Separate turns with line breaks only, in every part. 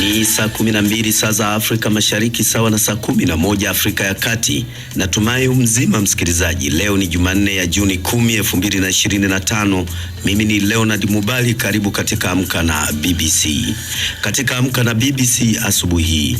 Ni saa 12 saa za Afrika Mashariki, sawa na saa 11 Afrika ya Kati. Natumai mzima msikilizaji. Leo ni Jumanne ya Juni 10, Mimi ni Leonard Mubali, karibu katika Amka na BBC. Katika Amka na BBC asubuhi hii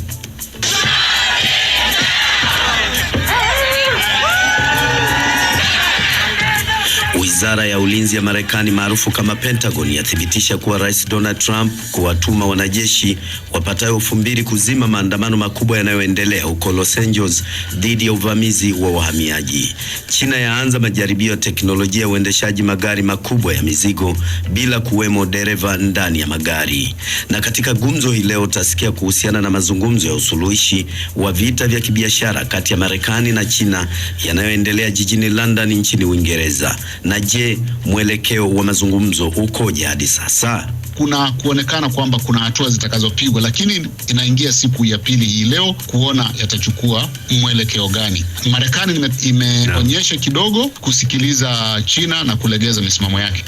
Wizara ya ulinzi ya Marekani maarufu kama Pentagon yathibitisha kuwa Rais Donald Trump kuwatuma wanajeshi wapatayo elfu mbili kuzima maandamano makubwa yanayoendelea huko Los Angeles dhidi ya uvamizi wa wahamiaji. China yaanza majaribio ya teknolojia ya uendeshaji magari makubwa ya mizigo bila kuwemo dereva ndani ya magari. Na katika gumzo hii leo utasikia kuhusiana na mazungumzo ya usuluhishi wa vita vya kibiashara kati ya Marekani na China yanayoendelea jijini London nchini Uingereza na Je, mwelekeo wa mazungumzo ukoje hadi sasa?
Kuna kuonekana kwamba kuna hatua zitakazopigwa, lakini inaingia siku ya pili hii leo kuona yatachukua mwelekeo gani. Marekani imeonyesha kidogo kusikiliza China na kulegeza misimamo yake.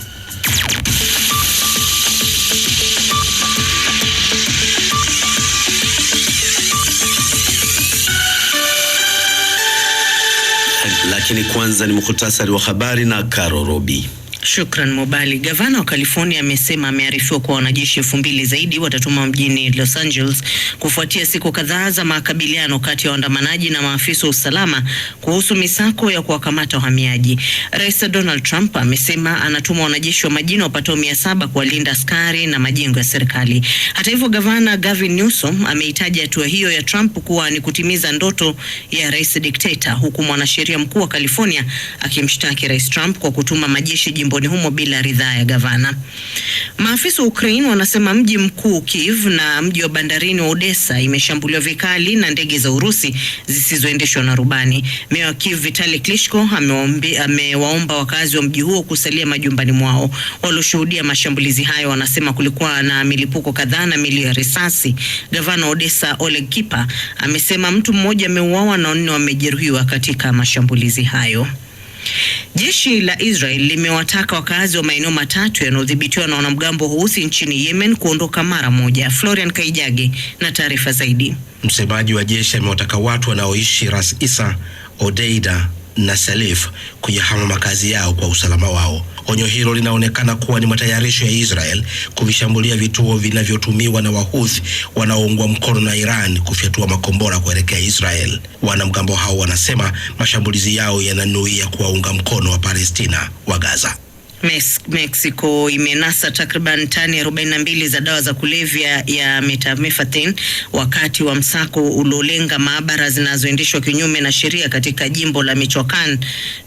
Lakini kwanza ni muhtasari wa habari na Karorobi.
Shukran Mobali. Gavana wa California amesema amearifiwa kuwa wanajeshi elfu mbili zaidi watatumwa mjini Los Angeles kufuatia siku kadhaa za makabiliano kati ya waandamanaji na maafisa wa usalama kuhusu misako ya kuwakamata wahamiaji. Rais Donald Trump amesema anatuma wanajeshi wa majini wapatao mia saba kuwalinda askari na majengo ya serikali. Hata hivyo, gavana Gavin Newsom ameitaja hatua hiyo ya Trump kuwa ni kutimiza ndoto ya rais dikteta, huku mwanasheria mkuu wa California akimshtaki rais Trump kwa kutuma majeshi jimbo jimboni humo bila ridhaa ya gavana. Maafisa wa Ukraine wanasema mji mkuu Kiev na mji wa bandarini wa Odessa imeshambuliwa vikali na ndege za Urusi zisizoendeshwa na rubani. Meya wa Kiev Vitali Klitschko amewaomba wakazi wa mji huo kusalia majumbani mwao. Walioshuhudia mashambulizi hayo wanasema kulikuwa na milipuko kadhaa na milio ya risasi. Gavana wa Odessa Oleg Kipa amesema mtu mmoja ameuawa na wanne wamejeruhiwa katika mashambulizi hayo. Jeshi la Israel limewataka wakazi wa maeneo matatu yanayodhibitiwa na wanamgambo weusi nchini Yemen kuondoka mara moja. Florian Kaijage na taarifa zaidi.
Msemaji wa jeshi amewataka watu wanaoishi Ras Isa, Odeida na Salif kuyahama makazi yao kwa usalama wao. Onyo hilo linaonekana kuwa ni matayarisho ya Israel kuvishambulia vituo vinavyotumiwa na Wahuthi wanaoungwa mkono na Iran kufyatua makombora kuelekea Israel. Wanamgambo hao wanasema mashambulizi yao yananuia kuwaunga mkono wa Palestina wa Gaza.
Mexico imenasa takriban tani 42 za dawa za kulevya ya methamphetamine wakati wa msako uliolenga maabara zinazoendeshwa kinyume na sheria katika jimbo la Michoacan.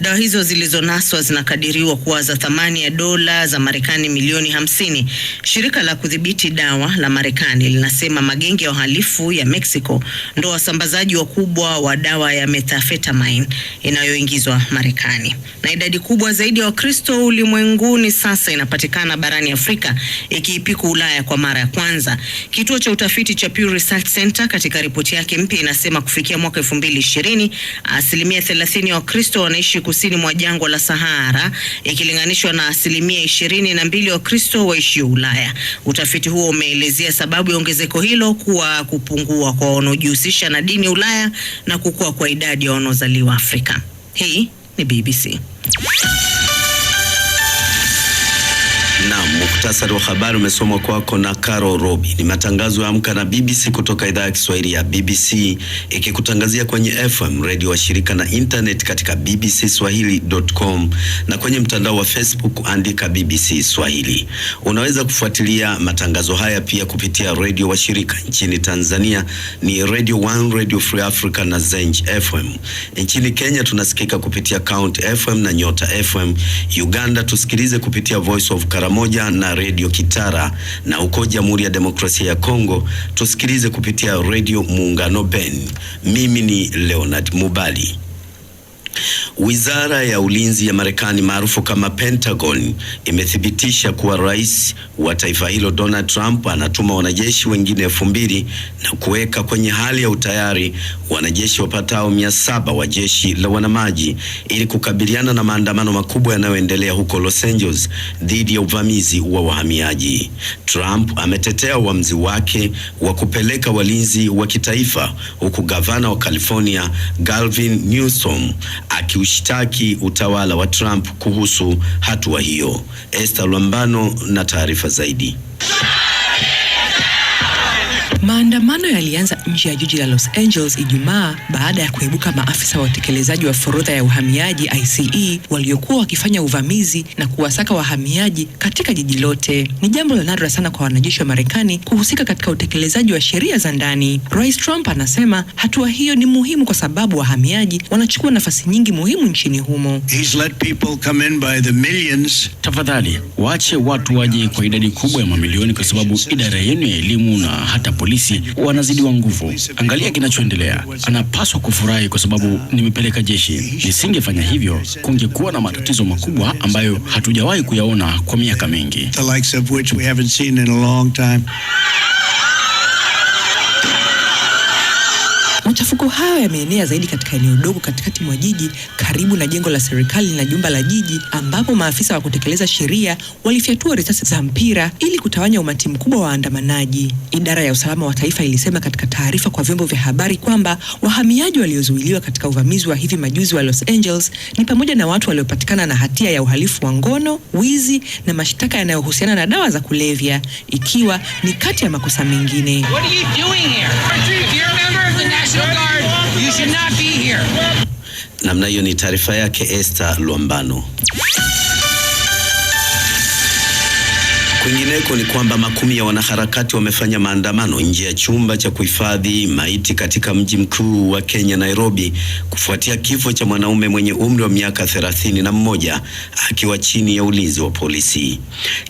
Dawa hizo zilizonaswa zinakadiriwa kuwa za thamani ya dola za Marekani milioni 50. Shirika la kudhibiti dawa la Marekani linasema magenge ya uhalifu ya Mexico ndo wasambazaji wakubwa wa dawa ya methamphetamine inayoingizwa Marekani, na idadi kubwa zaidi ya wa Wakristo ulimwengu ulimwenguni sasa inapatikana barani Afrika ikiipiku Ulaya kwa mara ya kwanza. Kituo cha utafiti cha Pew Research Center katika ripoti yake mpya inasema kufikia mwaka 2020 asilimia 30 ya Wakristo wanaishi kusini mwa jangwa la Sahara ikilinganishwa na asilimia 22 ya Wakristo waishio Ulaya. Utafiti huo umeelezea sababu ya ongezeko hilo kuwa kupungua kwa wanaojihusisha na dini Ulaya na kukua kwa idadi ya wanaozaliwa Afrika. Hii ni BBC.
Muhtasari wa habari umesomwa kwako na Carol Robi. Ni matangazo ya Amka na BBC kutoka idhaa ya Kiswahili ya BBC ikikutangazia kwenye FM redio wa shirika na internet katika bbcswahili.com na kwenye mtandao wa Facebook andika BBC Swahili. Unaweza kufuatilia matangazo haya pia kupitia redio wa shirika nchini Tanzania ni Radio One, Radio Free Africa na Zenj FM. Nchini Kenya tunasikika kupitia Count FM na Nyota FM. Uganda tusikilize kupitia Voice of Karamoja na na redio Kitara, na uko Jamhuri ya Demokrasia ya Kongo tusikilize kupitia redio Muungano ben Mimi ni Leonard Mubali. Wizara ya Ulinzi ya Marekani maarufu kama Pentagon imethibitisha kuwa rais wa taifa hilo Donald Trump anatuma wanajeshi wengine elfu mbili na kuweka kwenye hali ya utayari wanajeshi wapatao mia saba wa jeshi la wanamaji ili kukabiliana na maandamano makubwa yanayoendelea huko Los Angeles dhidi ya uvamizi wa wahamiaji. Trump ametetea uamuzi wake wa kupeleka walinzi wa kitaifa huku gavana wa California Galvin Newsom akiushtaki utawala wa Trump kuhusu hatua hiyo. Esther Lwambano na taarifa zaidi.
Maandamano yalianza nje ya jiji la Los Angeles Ijumaa baada ya kuibuka maafisa wa utekelezaji wa forodha ya uhamiaji ICE waliokuwa wakifanya uvamizi na kuwasaka wahamiaji katika jiji lote. Ni jambo la nadra sana kwa wanajeshi wa Marekani kuhusika katika utekelezaji wa sheria za ndani. Rais Trump anasema hatua hiyo ni muhimu kwa sababu wahamiaji wanachukua nafasi nyingi muhimu nchini humo. He's let people come
in by the millions. Tafadhali wache watu waje kwa idadi kubwa ya mamilioni, kwa sababu idara yenu ya elimu na hata polisi polisi wanazidiwa nguvu. Angalia kinachoendelea. Anapaswa kufurahi kwa sababu nimepeleka jeshi. Nisingefanya hivyo, kungekuwa na matatizo makubwa ambayo hatujawahi kuyaona kwa miaka mingi.
Machafuko hayo yameenea zaidi katika eneo dogo katikati mwa jiji karibu na jengo la serikali na jumba la jiji, ambapo maafisa wa kutekeleza sheria walifyatua risasi za mpira ili kutawanya umati mkubwa wa waandamanaji. Idara ya usalama wa taifa ilisema katika taarifa kwa vyombo vya habari kwamba wahamiaji waliozuiliwa katika uvamizi wa hivi majuzi wa Los Angeles ni pamoja na watu waliopatikana na hatia ya uhalifu wa ngono, wizi na mashtaka yanayohusiana na dawa za kulevya, ikiwa ni kati ya makosa mengine. What are you doing here?
Namna hiyo ni taarifa yake Esther Luambano. Kwingineko ni kwamba makumi ya wanaharakati wamefanya maandamano nje ya chumba cha kuhifadhi maiti katika mji mkuu wa Kenya, Nairobi, kufuatia kifo cha mwanaume mwenye umri wa miaka thelathini na mmoja akiwa chini ya ulinzi wa polisi.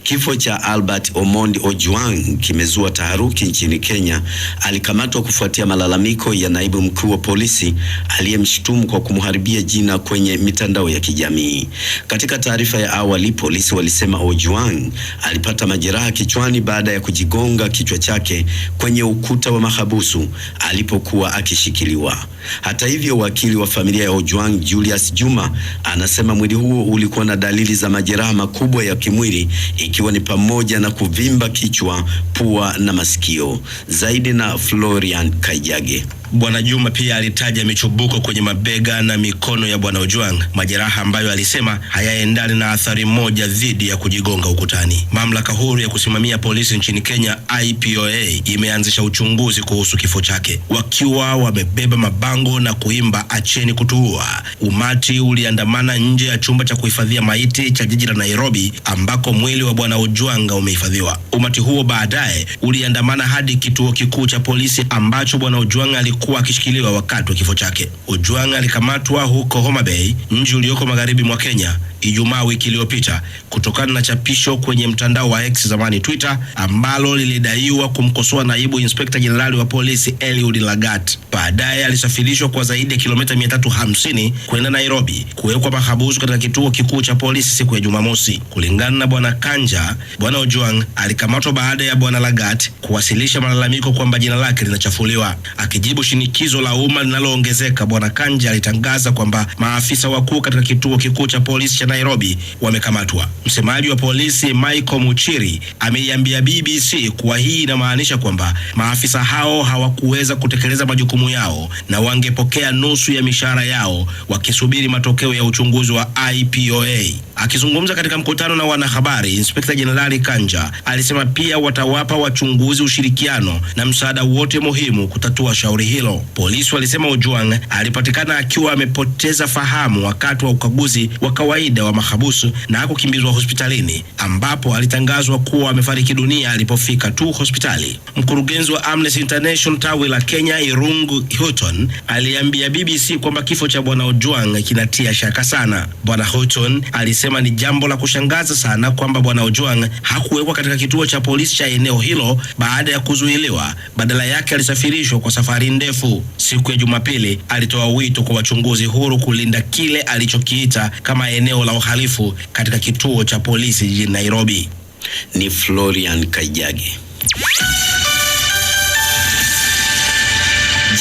Kifo cha Albert Omondi Ojwang kimezua taharuki nchini Kenya. Alikamatwa kufuatia malalamiko ya naibu mkuu wa polisi aliyemshutumu kwa kumharibia jina kwenye mitandao ya kijamii. Katika taarifa ya awali, polisi walisema Ojwang alipata majeraha kichwani baada ya kujigonga kichwa chake kwenye ukuta wa mahabusu alipokuwa akishikiliwa. Hata hivyo, wakili wa familia ya Ojwang Julius Juma anasema mwili huo ulikuwa na dalili za majeraha makubwa ya kimwili ikiwa ni pamoja na kuvimba kichwa, pua na masikio. Zaidi na Florian Kaijage.
Bwana Juma pia alitaja michubuko kwenye mabega na mikono ya Bwana Ojwang, majeraha ambayo alisema hayaendani na athari moja dhidi ya kujigonga ukutani. Mamlaka huru ya kusimamia polisi nchini Kenya, IPOA, imeanzisha uchunguzi kuhusu kifo chake. Wakiwa wamebeba mabango na kuimba acheni kutuua, umati uliandamana nje ya chumba cha kuhifadhia maiti cha jiji la Nairobi ambako mwili wa Bwana Ojwang umehifadhiwa. Umati huo baadaye uliandamana hadi kituo kikuu cha polisi ambacho Bwana Ojwanga alikuwa akishikiliwa wakati wa kifo chake. Ojwang alikamatwa huko Homa Bay, mji ulioko magharibi mwa Kenya Ijumaa wiki iliyopita kutokana na chapisho kwenye mtandao wa X zamani Twitter ambalo lilidaiwa kumkosoa naibu inspekta jenerali wa polisi Eliud Lagat. Baadaye alisafirishwa kwa zaidi ya kilomita 350 kwenda Nairobi kuwekwa mahabusu katika kituo kikuu cha polisi siku ya Jumamosi. Kulingana na bwana Kanja, bwana Ojwang alikamatwa baada ya bwana Lagat kuwasilisha malalamiko kwamba jina lake linachafuliwa. Akijibu shinikizo la umma linaloongezeka, Bwana Kanja alitangaza kwamba maafisa wakuu katika kituo kikuu cha polisi cha Nairobi wamekamatwa. Msemaji wa polisi Michael Muchiri ameiambia BBC kuwa hii inamaanisha kwamba maafisa hao hawakuweza kutekeleza majukumu yao na wangepokea nusu ya mishahara yao wakisubiri matokeo ya uchunguzi wa IPOA. Akizungumza katika mkutano na wanahabari, Inspekta Jenerali Kanja alisema pia watawapa wachunguzi ushirikiano na msaada wote muhimu kutatua shauri hilo. Polisi walisema Ojwang alipatikana akiwa amepoteza fahamu wakati wa ukaguzi wa kawaida wa mahabusu na kukimbizwa hospitalini ambapo alitangazwa kuwa amefariki dunia alipofika tu hospitali. Mkurugenzi wa Amnesty International tawi la Kenya Irungu Houghton aliambia BBC kwamba kifo cha bwana Ojwang kinatia shaka sana. Bwana Houghton alisema amesema ni jambo la kushangaza sana kwamba bwana Ojwang hakuwekwa katika kituo cha polisi cha eneo hilo baada ya kuzuiliwa, badala yake alisafirishwa kwa safari ndefu. Siku ya Jumapili alitoa wito kwa wachunguzi huru kulinda kile alichokiita kama eneo la uhalifu katika kituo cha polisi jijini Nairobi.
Ni Florian Kaijage.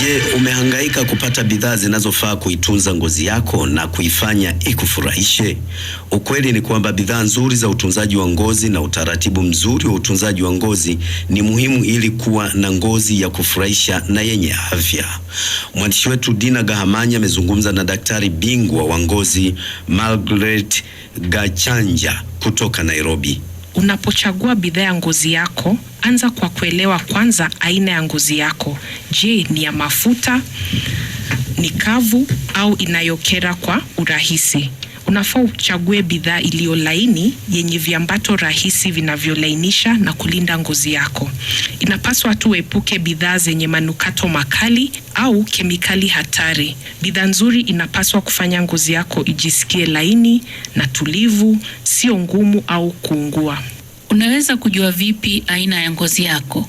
Je, umehangaika kupata bidhaa zinazofaa kuitunza ngozi yako na kuifanya ikufurahishe? Ukweli ni kwamba bidhaa nzuri za utunzaji wa ngozi na utaratibu mzuri wa utunzaji wa ngozi ni muhimu ili kuwa na ngozi ya kufurahisha na yenye afya. Mwandishi wetu Dina Gahamanya amezungumza na daktari bingwa wa ngozi Margaret Gachanja kutoka Nairobi.
Unapochagua bidhaa ya ngozi yako, anza kwa kuelewa kwanza aina ya ngozi yako. Je, ni ya mafuta, ni kavu au inayokera kwa urahisi? unafaa uchague bidhaa iliyo laini yenye viambato rahisi vinavyolainisha na kulinda ngozi yako. Inapaswa tu uepuke bidhaa zenye manukato makali au kemikali hatari. Bidhaa nzuri inapaswa kufanya ngozi yako ijisikie laini na tulivu, sio ngumu au kuungua.
Unaweza kujua vipi aina ya ngozi yako?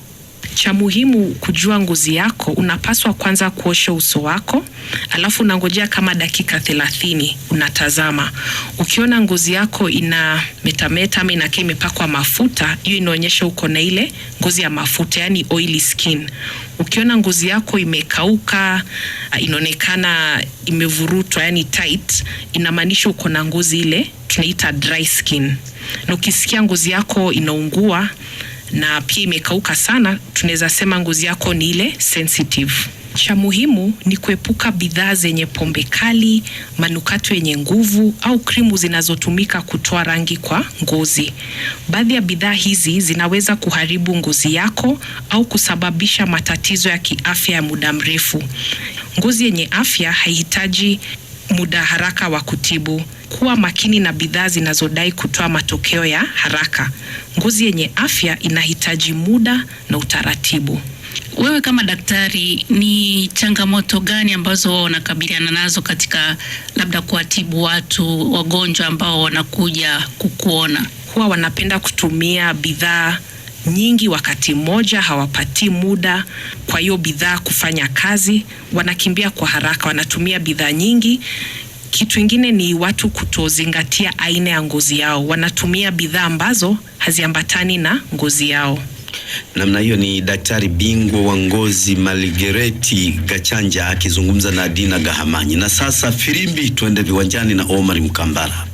cha muhimu kujua ngozi yako, unapaswa kwanza kuosha uso wako, alafu unangojea kama dakika thelathini. Unatazama, ukiona ngozi yako ina metameta ama inakaa imepakwa mafuta, hiyo inaonyesha uko na ile ngozi ya mafuta, yani oily skin. Ukiona ngozi yako imekauka, ah, inaonekana imevurutwa, yani tight, inamaanisha uko na ngozi ile tunaita dry skin. Na ukisikia ngozi yako inaungua na pia imekauka sana, tunaweza sema ngozi yako ni ile sensitive. Cha muhimu ni kuepuka bidhaa zenye pombe kali, manukato yenye nguvu au krimu zinazotumika kutoa rangi kwa ngozi. Baadhi ya bidhaa hizi zinaweza kuharibu ngozi yako au kusababisha matatizo ya kiafya ya muda mrefu. Ngozi yenye afya haihitaji muda haraka wa kutibu, kuwa makini na bidhaa zinazodai kutoa matokeo ya haraka. Ngozi yenye afya inahitaji muda na utaratibu.
Wewe kama daktari, ni changamoto gani ambazo unakabiliana nazo katika labda kuwatibu watu wagonjwa ambao wanakuja kukuona?
Huwa wanapenda kutumia bidhaa nyingi wakati mmoja, hawapatii muda kwa hiyo bidhaa kufanya kazi, wanakimbia kwa haraka, wanatumia bidhaa nyingi. Kitu ingine ni watu kutozingatia aina ya ngozi yao, wanatumia bidhaa ambazo haziambatani na ngozi yao.
Namna hiyo. Ni daktari bingwa wa ngozi Maligereti Gachanja akizungumza na Dina Gahamanyi. Na sasa firimbi, tuende viwanjani na Omar Mkambara.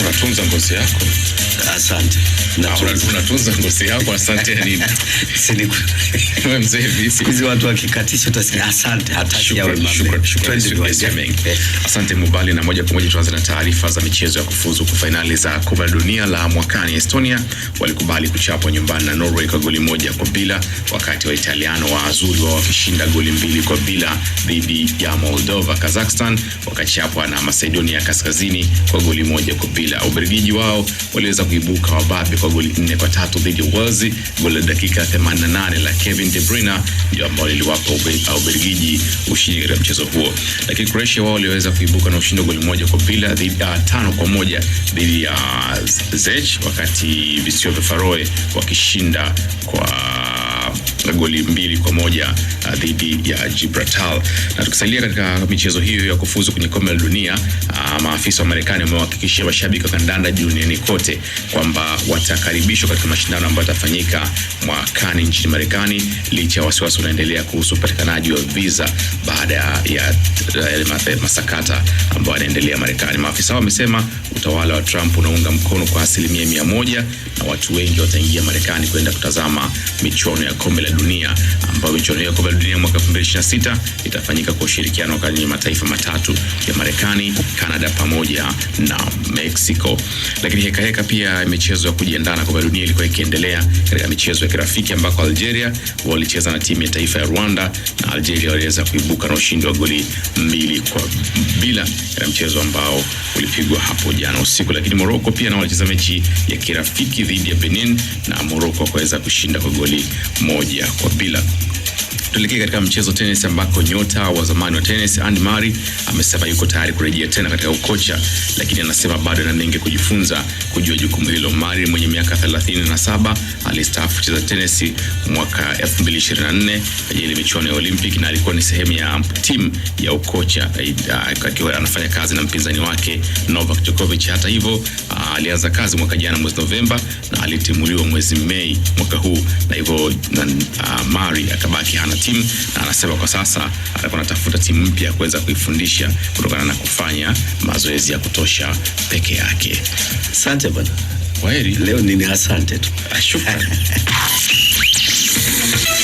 unatunza ngozi yako. Asante asante Mubali, na moja kwa moja tuanze na taarifa za michezo ya kufuzu kwa fainali za kombe la dunia la mwakani. Estonia walikubali kuchapwa nyumbani na Norway kwa goli moja kwa bila, wakati wa Italiano wa Azuri wao wakishinda goli mbili kwa bila dhidi ya Moldova. Kazakhstan wakachapwa na Macedonia Kaskazini kwa goli moja kwa bila. Ubelgiji wao waliweza kuibuka wababe kwa goli nne kwa tatu dhidi ya Uelzi. Goli la dakika 88 la Kevin De Bruyne ndio ambao liliwapa Ubelgiji ushindi katika mchezo huo, lakini Croatia wao waliweza kuibuka na ushindi wa goli moja kwa bila dhidi ya ah, tano kwa moja dhidi ya Czech, wakati visiwa vya Faroe wakishinda kwa goli mbili kwa moja uh, dhidi ya Gibraltar. Na tukisalia katika michezo hiyo ya kufuzu kwenye kombe la dunia, uh, maafisa wa Marekani wamewahakikishia mashabiki wa kandanda duniani kote kwamba watakaribishwa katika mashindano ambayo yatafanyika mwakani nchini Marekani, licha ya wasiwasi unaendelea kuhusu upatikanaji wa visa baada ya masakata ambayo yanaendelea Marekani. Maafisa wamesema utawala wa Trump unaunga mkono kwa asilimia mia moja na watu wengi wataingia Marekani kwenda kutazama michuano ya kombe la dunia ambayo michuano hiyo ya kombe la dunia mwaka 2026 itafanyika kwa ushirikiano kati ya mataifa matatu ya Marekani, Canada pamoja na Mexico. Lakini heka heka pia michezo ya kujiandaa na kombe la dunia ilikuwa ikiendelea katika michezo ya kirafiki ambako Algeria walicheza na timu ya taifa ya Rwanda na Algeria waliweza kuibuka na ushindi wa goli mbili kwa Sevilla katika mchezo ambao ulipigwa hapo jana usiku. Lakini Morocco pia nao walicheza mechi ya kirafiki dhidi ya Benin na Morocco wakaweza kushinda kwa goli moja kwa bila. Tuelekee katika mchezo tenis, ambako nyota wa zamani wa tenis Andy Murray amesema yuko tayari kurejea tena katika ukocha, lakini anasema bado ana mengi kujifunza kujua jukumu hilo. Murray mwenye miaka 37 alistaafu kucheza tenis mwaka 2024 ajili ya michuano ya Olympic na alikuwa ni sehemu ya timu ya ukocha eh, akiwa anafanya kazi na mpinzani wake Novak Djokovic. Hata hivyo, ah, alianza kazi mwaka jana mwezi Novemba na alitimuliwa mwezi Mei mwaka huu, na hivyo ah, Murray akabaki hana timu, na anasema kwa sasa atakuwa anatafuta timu mpya kuweza kuifundisha kutokana na kufanya mazoezi ya kutosha peke yake. Asante bwana. Kwaheri. Leo
nini asante tu. Ah, Shukrani.